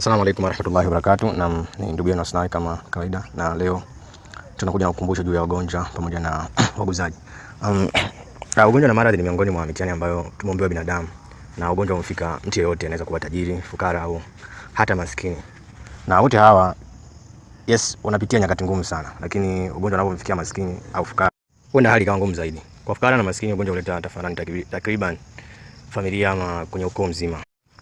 Asalamu alaykum warahmatullahi wabarakatuh. Naam, ni ndugu yenu Asnai kama kawaida, na leo tunakuja kukumbusha juu ya wagonjwa pamoja na waguzaji. Um, ugonjwa na maradhi ni miongoni mwa mitihani ambayo tumeombewa binadamu, na ugonjwa umfika mtu yeyote, anaweza kuwa tajiri, fukara au hata maskini, na wote hawa yes, wanapitia nyakati ngumu sana, lakini ugonjwa unapomfikia maskini au fukara, huwa na hali kama ngumu zaidi. Kwa fukara na maskini, ugonjwa huleta tafarani takriban familia ama kwenye ukoo mzima.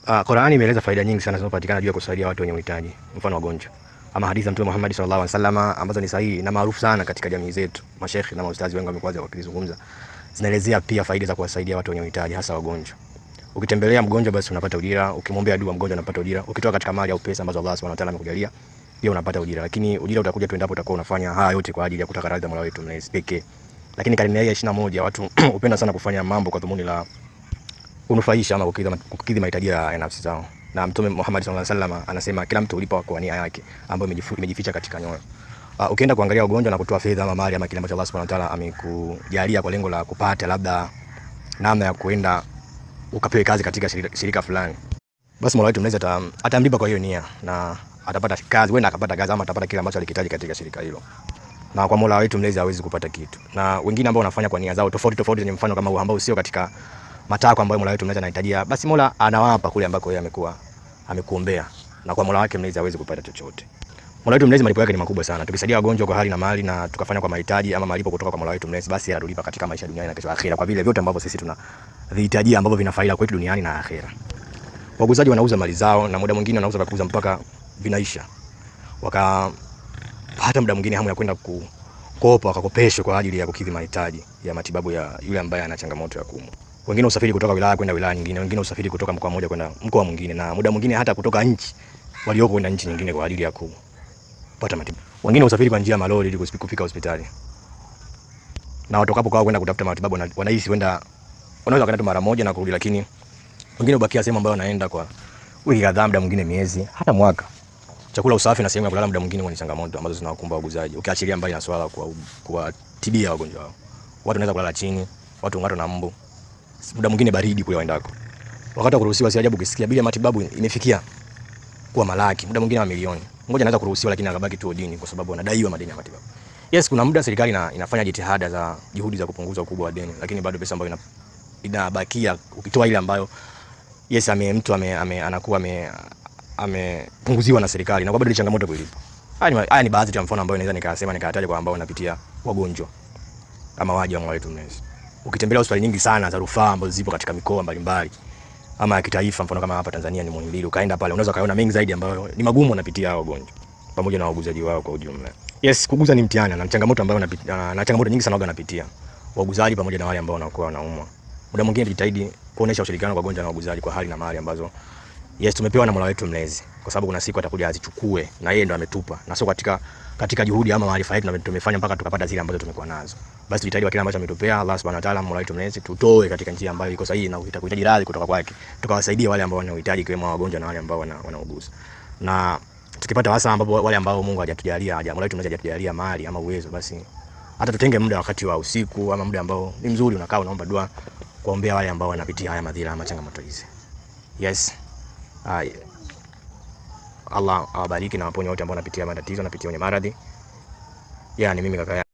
Uh, Qur'ani imeeleza faida nyingi sana zinazopatikana juu ya kusaidia watu wenye uhitaji, mfano wagonjwa, ama hadithi za Mtume Muhammad sallallahu alaihi wasallam ambazo ni sahihi na maarufu sana katika jamii zetu. Mashekhi na maustadhi wengi wamekuwa wakizungumza, zinaelezea pia faida za kuwasaidia watu wenye uhitaji, hasa wagonjwa. Ukitembelea mgonjwa, basi unapata ujira. Ukimwombea dua mgonjwa, unapata ujira. Ukitoa katika mali au pesa ambazo Allah subhanahu wa ta'ala amekujalia, pia unapata ujira. Lakini ujira utakuja tu endapo utakuwa unafanya haya yote kwa ajili ya kutaka radhi za Mola wetu mlezi pekee. Lakini karne ya 21 watu hupenda sana kufanya mambo kwa dhumuni la kunufaisha ama kukidhi mahitaji ya nafsi zao. Na Mtume Muhammad sallallahu alaihi wasallam anasema kila mtu ulipa kwa nia yake ambayo imejificha katika nyoyo. Uh, ukienda kuangalia ugonjwa na kutoa fedha ama mali ama kile ambacho Allah Subhanahu wa Ta'ala amekujalia kwa lengo la kupata labda namna ya kuenda ukapewe kazi katika shirika, shirika fulani, basi Mola wetu mnaweza atamlipa kwa hiyo nia na atapata kazi, wewe, na akapata kazi ama atapata kile ambacho alikitaji katika shirika hilo na kwa Mola wetu mlezi hawezi kupata kitu. Na wengine ambao wanafanya kwa nia zao tofauti tofauti ni mfano kama huo ambao sio katika matakwa ambayo Mola wetu mleza anahitajia, basi Mola anawapa kule ambako yeye amekuwa amekuombea, na kwa Mola wake mlezi hawezi kupata chochote. Mola wetu mlezi malipo yake ni makubwa sana. Tukisaidia wagonjwa kwa hali na mali na tukafanya kwa mahitaji ama malipo kutoka kwa Mola wetu mlezi, basi yeye atulipa katika maisha duniani na kesho akhera, kwa vile vyote ambavyo sisi tunavihitaji ambavyo vina faida kwetu duniani na akhera. Wauzaji wanauza mali zao na muda mwingine wanauza kuuza mpaka vinaisha, waka hata muda mwingine hamu ya kwenda ku kopa wakakopeshwa kwa ajili ya kukidhi mahitaji ya matibabu ya yule ambaye ana changamoto ya kuumwa wengine usafiri kutoka wilaya kwenda wilaya nyingine, wengine usafiri kutoka mkoa mmoja kwenda mkoa mwingine, na muda mwingine hata kutoka nchi walioko kwenda nchi nyingine kwa ajili ya kupata matibabu. Wengine usafiri kwa njia ya malori ili kufika hospitali, na watokapo kwao kwenda kutafuta matibabu wanahisi kwenda, wanaweza kwenda mara moja na kurudi, lakini wengine hubakia sehemu ambayo wanaenda kwa wiki kadhaa, muda mwingine miezi, hata mwaka. Chakula, usafi na sehemu ya kulala muda mwingine ni changamoto ambazo zinawakumba waguzaji, ukiachilia mbali na swala kwa kuwatibia wagonjwa wao. Watu wanaweza kulala chini, watu ng'ato na mbu muda mwingine baridi kule waendako. Wakati wa kuruhusiwa si ajabu ukisikia bila matibabu imefikia kuwa malaki, muda mwingine mamilioni. Mmoja anaweza kuruhusiwa lakini akabaki tu odini kwa sababu anadaiwa madeni ya matibabu. Yes, kuna muda serikali ina, inafanya jitihada za juhudi za kupunguza ukubwa wa deni, lakini bado pesa ambayo inabakia ukitoa ile ambayo yes ame mtu ame, ame anakuwa ame amepunguziwa na serikali na kwa bado ni changamoto kuilipa. Haya ni haya ni baadhi ya mfano ambayo naweza nikasema nikataja kwa ambao napitia wagonjwa ama waja wa mwa wetu ukitembelea hospitali nyingi sana za rufaa ambazo zipo katika mikoa mbalimbali ama ya kitaifa, mfano kama hapa Tanzania ni Muhimbili, ukaenda pale unaweza kaona mengi zaidi ambayo ni magumu wanapitia hao wagonjwa pamoja na wauguzaji wao kwa ujumla. Yes, kuguza ni mtihani na changamoto ambayo wanapitia na changamoto nyingi sana waga wanapitia wauguzaji pamoja na wale ambao wanakuwa wanaumwa. Muda mwingine tujitahidi kuonesha ushirikiano kwa wagonjwa na wauguzaji kwa hali na mali ambazo yes tumepewa na Mola wetu mlezi kwa sababu kuna siku atakuja azichukue, na yeye ndo ametupa, na sio katika katika juhudi ama maarifa yetu tumefanya mpaka tukapata zile ambazo tumekuwa nazo. Basi tujitahidi kwa kile ambacho ametupea Allah subhanahu wa ta'ala, mola wetu mlezi, tutoe katika njia ambayo iko sahihi na itakuhitaji radhi kutoka kwake, tukawasaidia wale ambao wanahitaji, kiwemo wagonjwa na wale ambao wanauguza na tukipata hasa ambapo wale ambao Mungu hajatujalia haja mola wetu mlezi hajatujalia mali ama uwezo, basi hata tutenge muda wakati wa usiku ama muda ambao ni mzuri, unakaa unaomba dua kuombea wale ambao wanapitia haya madhila ama changamoto hizi. Yes. Ah, yeah. Allah awabariki na waponye wote ambao wanapitia matatizo, wanapitia kwenye maradhi. Yani mimi kaka